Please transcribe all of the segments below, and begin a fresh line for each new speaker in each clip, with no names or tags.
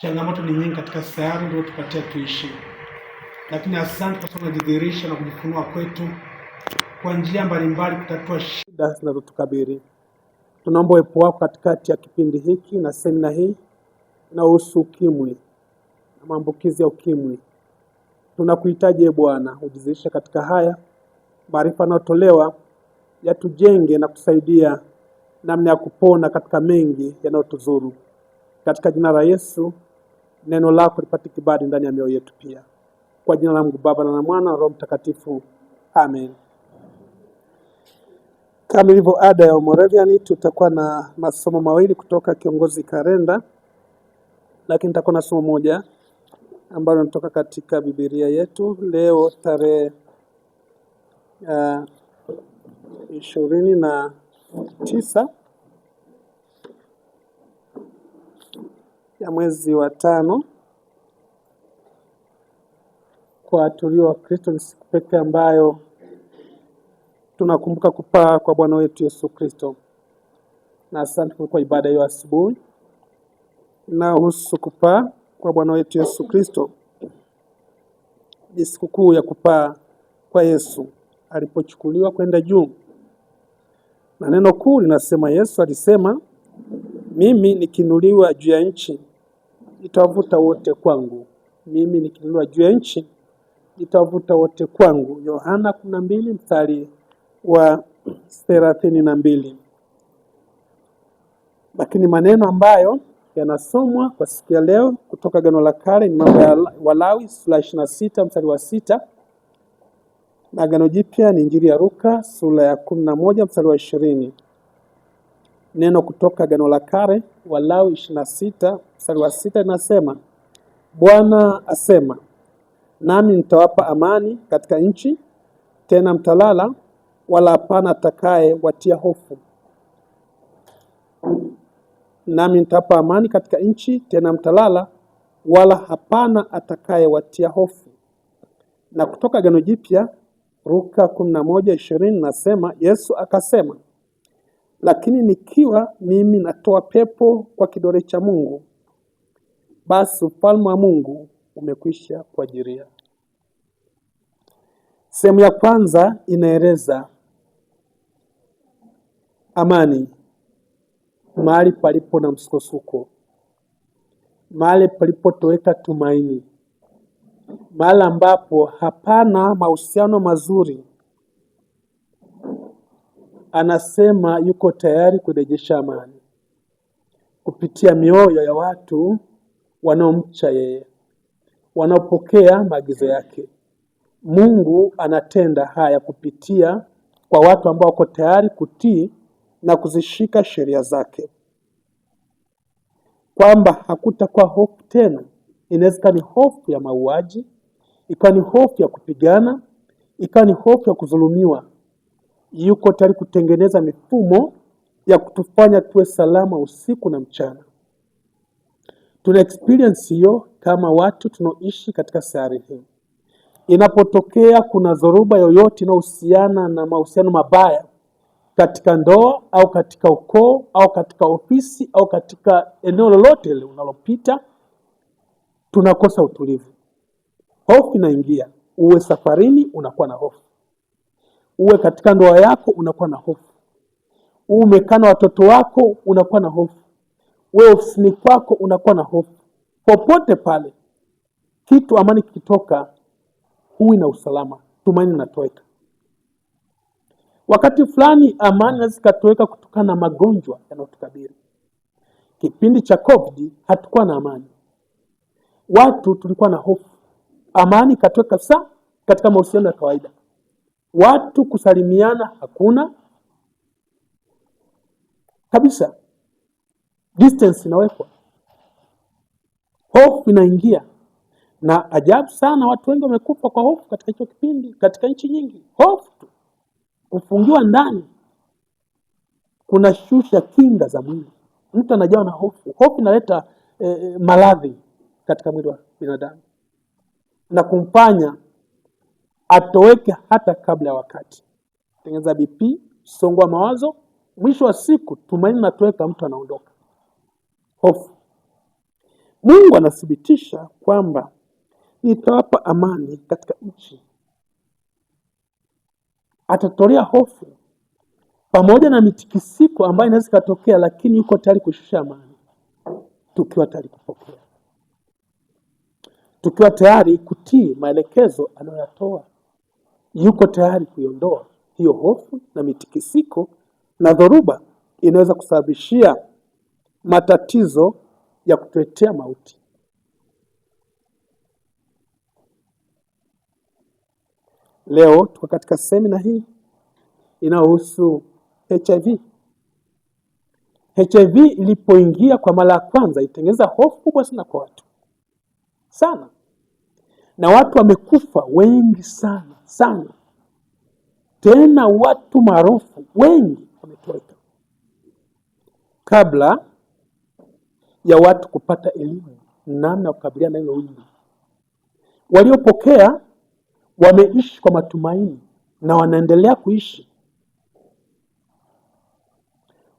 changamoto ni nyingi katika sayari ndio tupatia tuishi, lakini asante kwa sababu unajidhihirisha na kujifunua kwetu kwa njia mbalimbali kutatua shida
zinazotukabili. Tunaomba uwepo wako katikati ya kipindi hiki na semina hii inayohusu ukimwi na maambukizi ya ukimwi. Tunakuhitaji e Bwana, ujidhihirishe katika haya maarifa yanayotolewa yatujenge na kusaidia namna ya kupona katika mengi yanayotuzuru katika jina la Yesu neno lako lipate kibali ndani ya mioyo yetu pia, kwa jina la Mungu Baba na Mwana na Roho Mtakatifu, amen. Kama ilivyo ada ya Moravian, tutakuwa na masomo mawili kutoka Kiongozi karenda lakini nitakuwa na somo moja ambalo natoka katika Biblia yetu leo tarehe uh, ishirini uh, na tisa ya mwezi wa tano kwa tulio wa Kristo ni siku pekee ambayo tunakumbuka kupaa kwa Bwana wetu Yesu Kristo. Na asante kwa ibada hiyo asubuhi inayohusu kupaa kwa Bwana wetu Yesu Kristo. Ni sikukuu ya kupaa kwa Yesu alipochukuliwa kwenda juu, na neno kuu linasema Yesu alisema, mimi nikinuliwa juu ya nchi nitawavuta wote kwangu, mimi nikinunua juu ya nchi nitawavuta wote kwangu. Yohana kumi na mbili mstari wa thelathini na mbili. Lakini maneno ambayo yanasomwa kwa siku ya leo kutoka Agano la Kale ni mambo ya Walawi sura ishirini na sita mstari wa sita na Agano Jipya ni Injili ya Luka sura ya kumi na moja mstari wa ishirini. Neno kutoka Agano la Kale Walawi 26 mstari wa sita inasema, Bwana asema, nami nitawapa amani katika nchi, tena mtalala wala hapana atakaye watia hofu. Nami nitawapa amani katika nchi, tena mtalala wala hapana atakaye watia hofu. Na kutoka Agano Jipya, Luka 11:20 nasema, Yesu akasema lakini nikiwa mimi natoa pepo kwa kidole cha Mungu, basi ufalme wa Mungu umekwisha kuajiria. Sehemu ya kwanza inaeleza amani, mahali palipo na msukosuko, mahali palipotoweka tumaini, mahali ambapo hapana mahusiano mazuri anasema yuko tayari kurejesha amani kupitia mioyo ya watu wanaomcha yeye, wanaopokea maagizo yake. Mungu anatenda haya kupitia kwa watu ambao wako tayari kutii na kuzishika sheria zake, kwamba hakutakuwa hofu tena. Inaweza ikawa ni hofu ya mauaji, ikawa ni hofu ya kupigana, ikawa ni hofu ya kudhulumiwa yuko tayari kutengeneza mifumo ya kutufanya tuwe salama usiku na mchana. Tuna experience hiyo kama watu tunaoishi katika sayari hii. Inapotokea kuna dhoruba yoyote inayohusiana na mahusiano mabaya katika ndoa au katika ukoo au katika ofisi au katika eneo lolote unalopita, tunakosa utulivu, hofu inaingia. Uwe safarini, unakuwa na hofu uwe katika ndoa yako unakuwa na hofu, uwe umekana watoto wako unakuwa na hofu, uwe ofisini kwako unakuwa na hofu. Popote pale kitu amani kikitoka, huwi na usalama, tumaini natoweka Wakati fulani amani inaweza zikatoweka kutokana na magonjwa yanayotukabili. Kipindi cha COVID hatukuwa na amani, watu tulikuwa na hofu. Amani ikatoweka saa katika mahusiano ya kawaida watu kusalimiana hakuna kabisa, distance inawekwa, hofu inaingia. Na ajabu sana, watu wengi wamekufa kwa hofu katika hicho kipindi, katika nchi nyingi. Hofu tu, kufungiwa ndani kuna shusha kinga za mwili, mtu anajawa na hofu. Hofu inaleta eh, eh maradhi katika mwili wa binadamu na kumfanya atoweke hata kabla ya wakati. Tengeneza BP, songwa mawazo, mwisho wa siku tumaini natoweka, mtu anaondoka. Hofu. Mungu anathibitisha kwamba nitawapa amani katika nchi, atatolea hofu pamoja na mitikisiko ambayo inaweza ikatokea, lakini yuko tayari kushusha amani, tukiwa tayari kupokea, tukiwa tayari kutii maelekezo anayoyatoa yuko tayari kuiondoa hiyo hofu na mitikisiko na dhoruba inaweza kusababishia matatizo ya kutuletea mauti. Leo tuko katika semina hii inayohusu HIV. HIV ilipoingia kwa mara ya kwanza ilitengeneza hofu kubwa sana kwa watu sana, na watu wamekufa wengi sana sana, tena watu maarufu wengi wametoweka kabla ya watu kupata elimu namna ya kukabiliana na hilo wimbi. Waliopokea wameishi kwa matumaini na wanaendelea kuishi.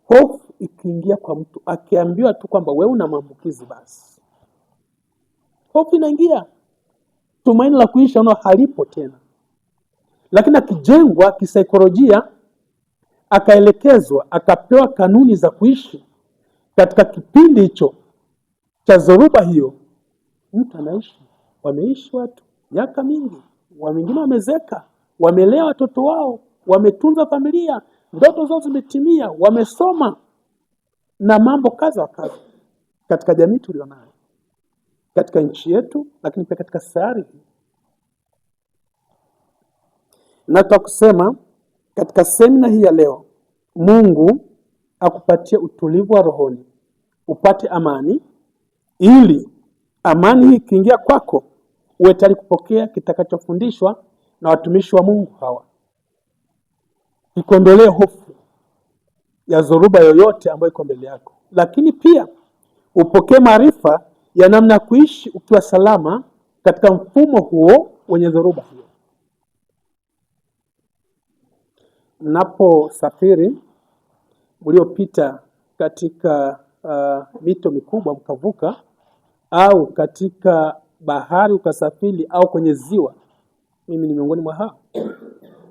Hofu ikiingia kwa mtu akiambiwa tu kwamba wewe una maambukizi, basi hofu inaingia, tumaini la kuishi naona halipo tena lakini akijengwa kisaikolojia, akaelekezwa, akapewa kanuni za kuishi katika kipindi hicho cha zoruba hiyo, mtu anaishi, wameishi watu miaka mingi, wengine wamezeka, wamelea watoto wao, wametunza familia, ndoto zao zimetimia, wamesoma na mambo kadha wa kadha katika jamii tulionayo, katika nchi yetu, lakini pia katika sayari hii. Nataka kusema katika semina hii ya leo, Mungu akupatie utulivu wa rohoni, upate amani, ili amani hii ikiingia kwako uwe tayari kupokea kitakachofundishwa na watumishi wa Mungu hawa. Ikondolee hofu ya zoruba yoyote ambayo iko mbele yako, lakini pia upokee maarifa ya namna ya kuishi ukiwa salama katika mfumo huo wenye dhoruba hiyo. Mnaposafiri mliopita katika uh, mito mikubwa mkavuka, au katika bahari ukasafiri, au kwenye ziwa, mimi ni miongoni mwa hao.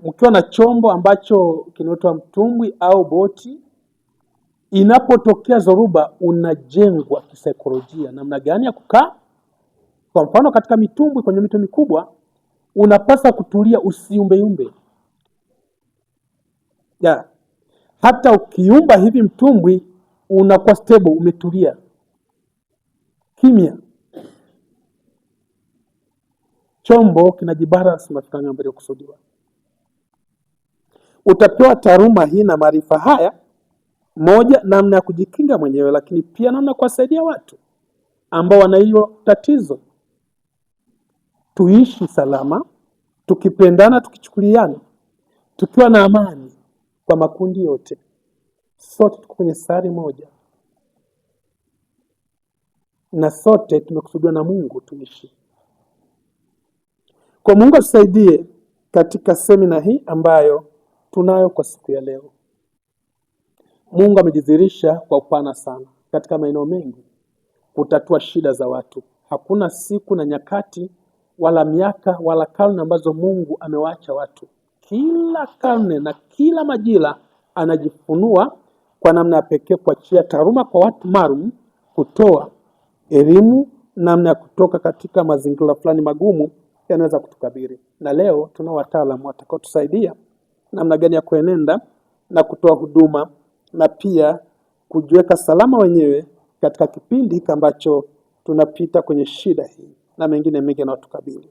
Mkiwa na chombo ambacho kinaitwa mtumbwi au boti, inapotokea zoruba, unajengwa kisaikolojia namna gani ya kukaa. Kwa mfano, katika mitumbwi kwenye mito mikubwa unapasa kutulia, usiumbeyumbe ya. Hata ukiumba hivi mtumbwi unakuwa stable, umetulia kimya, chombo kinajibalance na mbele kusudiwa. Utapewa taaluma hii na maarifa haya, moja, namna ya kujikinga mwenyewe, lakini pia namna ya kuwasaidia watu ambao wana hilo tatizo. Tuishi salama, tukipendana, tukichukuliana, tukiwa na amani kwa makundi yote, sote tuko kwenye sari moja na sote tumekusudiwa na Mungu tuishi kwa. Mungu atusaidie katika semina hii ambayo tunayo kwa siku ya leo. Mungu amejidhihirisha kwa upana sana katika maeneo mengi kutatua shida za watu. Hakuna siku na nyakati wala miaka wala karne ambazo Mungu amewaacha watu kila karne na kila majira anajifunua kwa namna ya pekee kuachia taaluma kwa watu maalum kutoa elimu namna ya kutoka katika mazingira fulani magumu yanaweza kutukabiri Na leo tunao wataalamu watakaotusaidia namna gani ya kuenenda na kutoa huduma na pia kujiweka salama wenyewe katika kipindi hiki ambacho tunapita kwenye shida hii na mengine mengi yanayotukabili.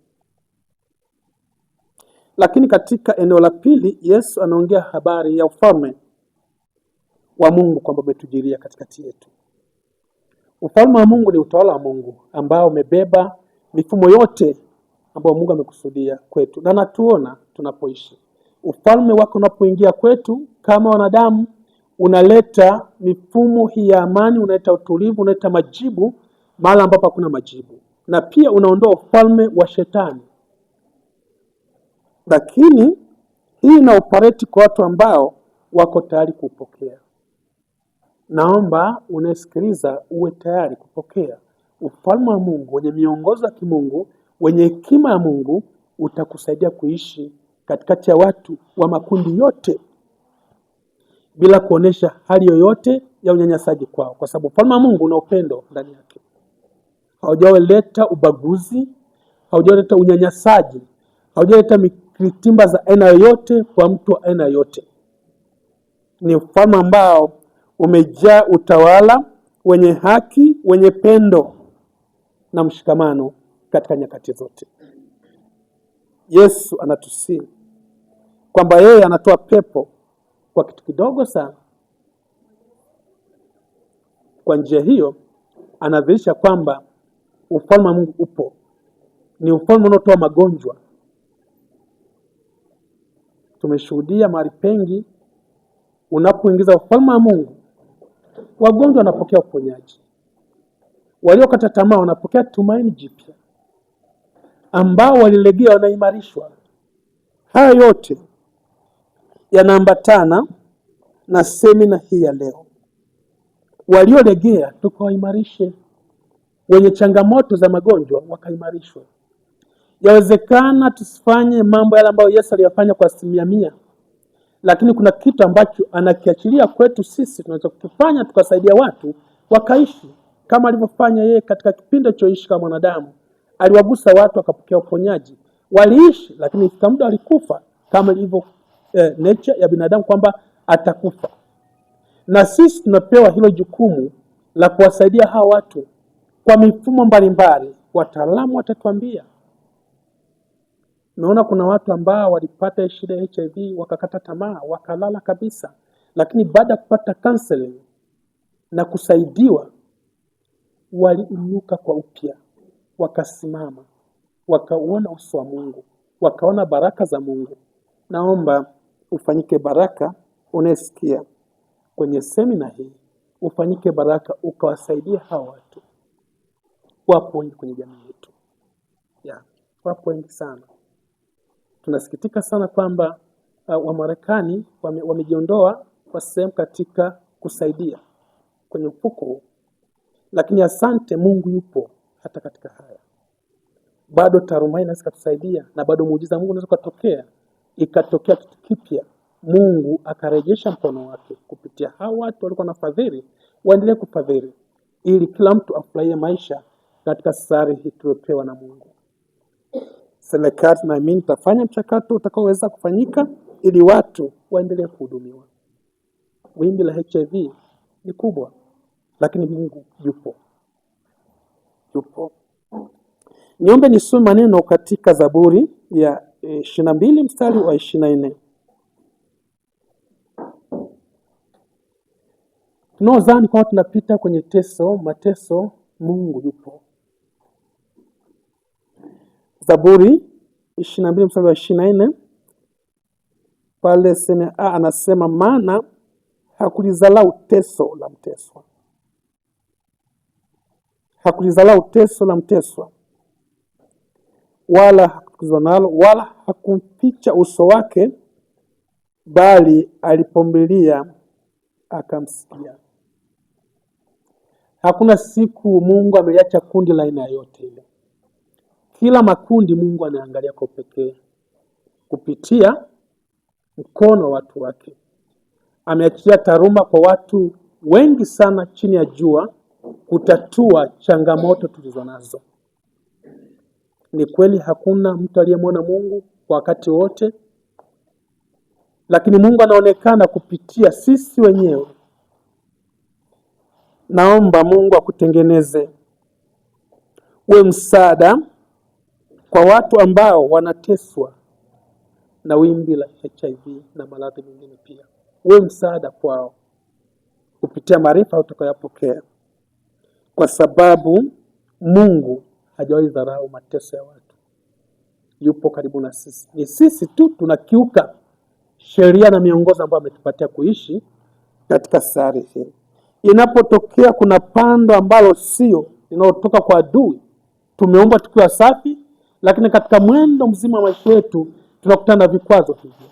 Lakini katika eneo la pili Yesu anaongea habari ya ufalme wa Mungu kwamba umetujiria katikati yetu. Ufalme wa Mungu ni utawala wa Mungu ambao umebeba mifumo yote ambayo Mungu amekusudia kwetu, na natuona tunapoishi. Ufalme wake unapoingia kwetu kama wanadamu, unaleta mifumo hii ya amani, unaleta utulivu, unaleta majibu mahala ambapo hakuna majibu, na pia unaondoa ufalme wa shetani lakini hii ina operate kwa watu ambao wako tayari kupokea. Naomba unaesikiliza uwe tayari kupokea ufalme wa Mungu wenye miongozo ya kimungu wenye hekima ya Mungu, utakusaidia kuishi katikati ya watu wa makundi yote bila kuonesha hali yoyote ya unyanyasaji kwao, kwa sababu ufalme wa Mungu una upendo ndani yake. Haujaleta ubaguzi, haujaleta unyanyasaji, haujaleta timba za aina yoyote kwa mtu wa aina yoyote. Ni ufalme ambao umejaa utawala wenye haki, wenye pendo na mshikamano katika nyakati zote. Yesu anatusihi kwamba yeye anatoa pepo kwa kitu kidogo sana. Kwa njia hiyo anadhihirisha kwamba ufalme wa Mungu upo, ni ufalme unaotoa magonjwa tumeshuhudia mahali pengi, unapoingiza ufalme wa Mungu, wagonjwa wanapokea uponyaji, waliokata tamaa wanapokea tumaini jipya, ambao walilegea wanaimarishwa. Haya yote yanaambatana na semina hii ya leo. Waliolegea tukawaimarishe, wenye changamoto za magonjwa wakaimarishwe. Yawezekana tusifanye mambo yale ambayo Yesu aliyafanya kwa asilimia mia, lakini kuna kitu ambacho anakiachilia kwetu sisi tunaweza kukifanya tukasaidia watu wakaishi kama alivyofanya yeye katika kipindi alichoishi kama mwanadamu. Aliwagusa watu akapokea uponyaji, waliishi, lakini ifika muda alikufa kama ilivyo eh, nature ya binadamu kwamba atakufa. Na sisi tunapewa hilo jukumu la kuwasaidia hawa watu kwa mifumo mbalimbali. Wataalamu watatuambia Naona kuna watu ambao walipata shida ya HIV wakakata tamaa, wakalala kabisa, lakini baada ya kupata counseling na kusaidiwa waliinuka kwa upya, wakasimama, wakauona uso wa Mungu, wakaona baraka za Mungu. Naomba ufanyike baraka, unayesikia kwenye semina hii, ufanyike baraka, ukawasaidia hawa watu. Wapo wengi kwenye jamii yetu, yeah, wapo wengi sana tunasikitika sana kwamba uh, Wamarekani wame, wamejiondoa kwa sehemu katika kusaidia kwenye mfuko huu, lakini asante Mungu yupo hata katika haya. Bado tarumai inaweza ikatusaidia na bado muujiza Mungu unaweza ukatokea, ikatokea kitu kipya, Mungu akarejesha mkono wake kupitia hawa watu walikuwa fadhili, waendelee kufadhili ili kila mtu afurahie maisha katika safari hii tuliopewa na Mungu serikali naamini tafanya mchakato utakaoweza kufanyika ili watu waendelee kuhudumiwa. Wimbi la HIV ni kubwa, lakini Mungu yupo, yupo. Niombe nisome maneno katika Zaburi ya eh, ishirini na mbili mstari wa ishirini na nne tunaozani kwamba tunapita kwenye teso mateso, Mungu yupo Zaburi ishirini na mbili mstari wa ishirini na nne pale Semea anasema maana hakulizalau teso la mteswa, hakulizalau teso la mteswa, wala hakuchukizwa nalo, wala hakumficha uso wake, bali alipombilia akamsikia. Hakuna siku Mungu ameliacha kundi la aina yote ile kila makundi Mungu anaangalia kwa pekee kupitia mkono wa watu wake. Ameachilia taruma kwa watu wengi sana chini ya jua kutatua changamoto tulizonazo. Ni kweli hakuna mtu aliyemwona Mungu kwa wakati wote, lakini Mungu anaonekana kupitia sisi wenyewe. Naomba Mungu akutengeneze uwe msaada kwa watu ambao wanateswa na wimbi la HIV na maradhi mengine pia. Uwe msaada kwao kupitia maarifa utakayopokea, kwa sababu Mungu hajawahi dharau mateso ya watu. Yupo karibu na sisi, ni sisi tu tunakiuka sheria na miongozo ambayo ametupatia kuishi katika sayari hii. Inapotokea kuna pando ambalo sio linalotoka kwa adui, tumeomba tukiwa safi lakini katika mwendo mzima wa maisha yetu tunakutana na vikwazo hivyo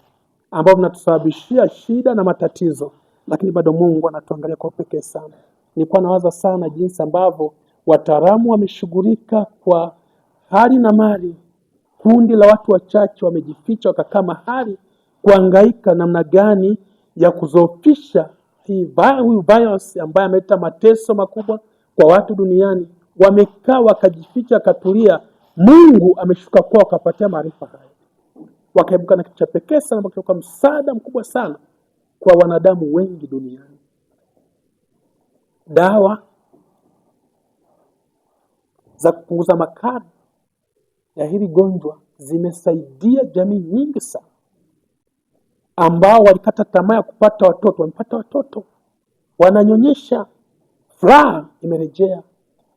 ambavyo vinatusababishia shida na matatizo, lakini bado Mungu anatuangalia kwa upekee sana. Nilikuwa nawaza sana jinsi ambavyo wataalamu wameshughulika kwa hali na mali, kundi la watu wachache wamejificha wakakaa mahali kuangaika namna gani ya kuzofisha huyu virus ambaye ameleta mateso makubwa kwa watu duniani. Wamekaa wakajificha, wakatulia Mungu ameshuka kwao akapatia maarifa haya, wakaibuka na kitu cha pekee sana ambacho kwa msaada mkubwa sana kwa wanadamu wengi duniani, dawa za kupunguza makali ya hili gonjwa zimesaidia jamii nyingi sana, ambao walikata tamaa ya kupata watoto wamepata watoto, wananyonyesha, furaha imerejea,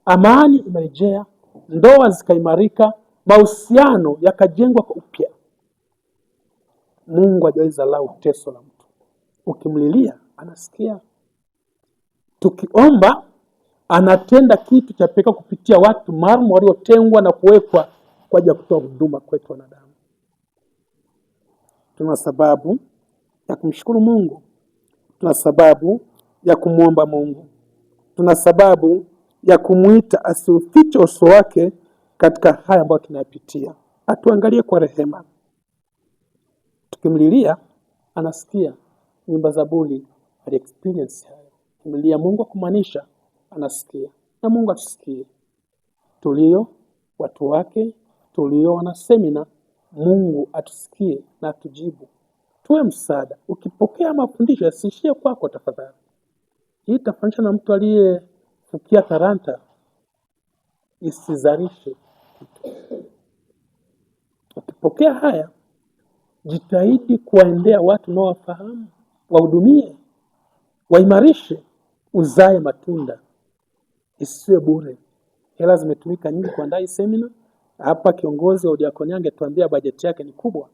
amani imerejea ndoa zikaimarika, mahusiano yakajengwa kwa upya. Mungu hajawahi dharau teso la mtu. Ukimlilia anasikia, tukiomba anatenda kitu cha pekee kupitia watu maalum waliotengwa na kuwekwa kwa ajili ya kutoa huduma kwetu wanadamu. Tuna sababu ya kumshukuru Mungu, tuna sababu ya kumwomba Mungu, tuna sababu ya kumwita asiufiche uso wake katika haya ambayo tunayapitia, atuangalie kwa rehema. Tukimlilia anasikia, mwimba Zaburi ali experience hayo. Kimlilia Mungu akumaanisha, anasikia na Mungu atusikie, tulio watu wake, tulio wana semina. Mungu atusikie na atujibu, tuwe msaada. Ukipokea mafundisho yasiishie kwako, tafadhali. Hii tafanisha na mtu aliye fukia talanta isizalishe kitu. Ukipokea haya, jitahidi kuwaendea watu unaowafahamu, wahudumie, waimarishe, uzae matunda, isiwe bure. Hela zimetumika nyingi kuandaa hii semina. Hapa kiongozi wa udiakoni angetuambia bajeti yake ni kubwa,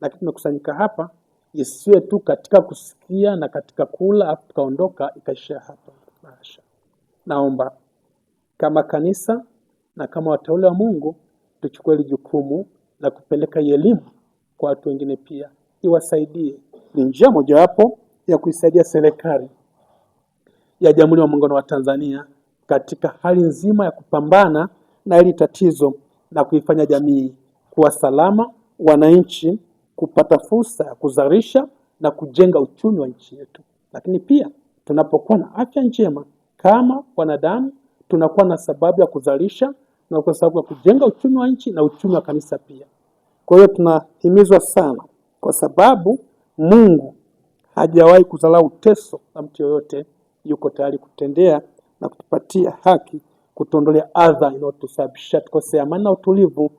lakini tumekusanyika hapa isiwe tu katika kusikia na katika kula, afu tukaondoka ikaishia hapa. Maasha. Naomba kama kanisa na kama wateule wa Mungu tuchukue hili jukumu la kupeleka elimu kwa watu wengine pia, iwasaidie. Ni njia mojawapo ya kuisaidia serikali ya Jamhuri ya Muungano wa Tanzania katika hali nzima ya kupambana na hili tatizo na kuifanya jamii kuwa salama, wananchi kupata fursa ya kuzalisha na kujenga uchumi wa nchi yetu. Lakini pia tunapokuwa na afya njema kama wanadamu tunakuwa na sababu ya kuzalisha na kwa sababu ya kujenga uchumi wa nchi na uchumi wa kanisa pia. Kwa hiyo tunahimizwa sana, kwa sababu Mungu hajawahi kudharau teso la mtu yoyote. Yuko tayari kutendea na kutupatia haki, kutuondolea adha inayotusababisha tukose amani na utulivu,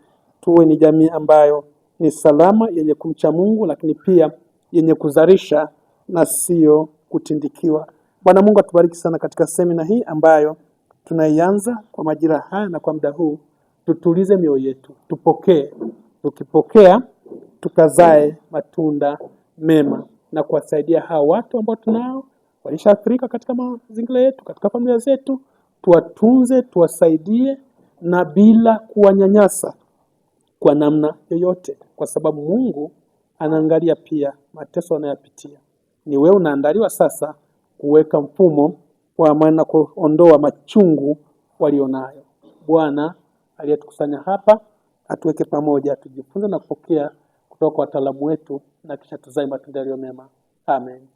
tuwe ni jamii ambayo ni salama, yenye kumcha Mungu, lakini pia yenye kuzalisha na sio kutindikiwa. Bwana Mungu atubariki sana katika semina hii ambayo tunaianza kwa majira haya na kwa muda huu. Tutulize mioyo yetu, tupokee. Tukipokea tukazae matunda mema na kuwasaidia hawa watu ambao tunao walishaathirika katika mazingira yetu, katika familia zetu. Tuwatunze, tuwasaidie na bila kuwanyanyasa kwa namna yoyote, kwa sababu Mungu anaangalia pia mateso wanayopitia. Ni wewe unaandaliwa sasa kuweka mfumo kwa maana kuondoa machungu walionayo. Bwana aliyetukusanya hapa atuweke pamoja, tujifunze na kupokea kutoka kwa wataalamu wetu na kisha tuzae matunda yaliyo mema. Amen.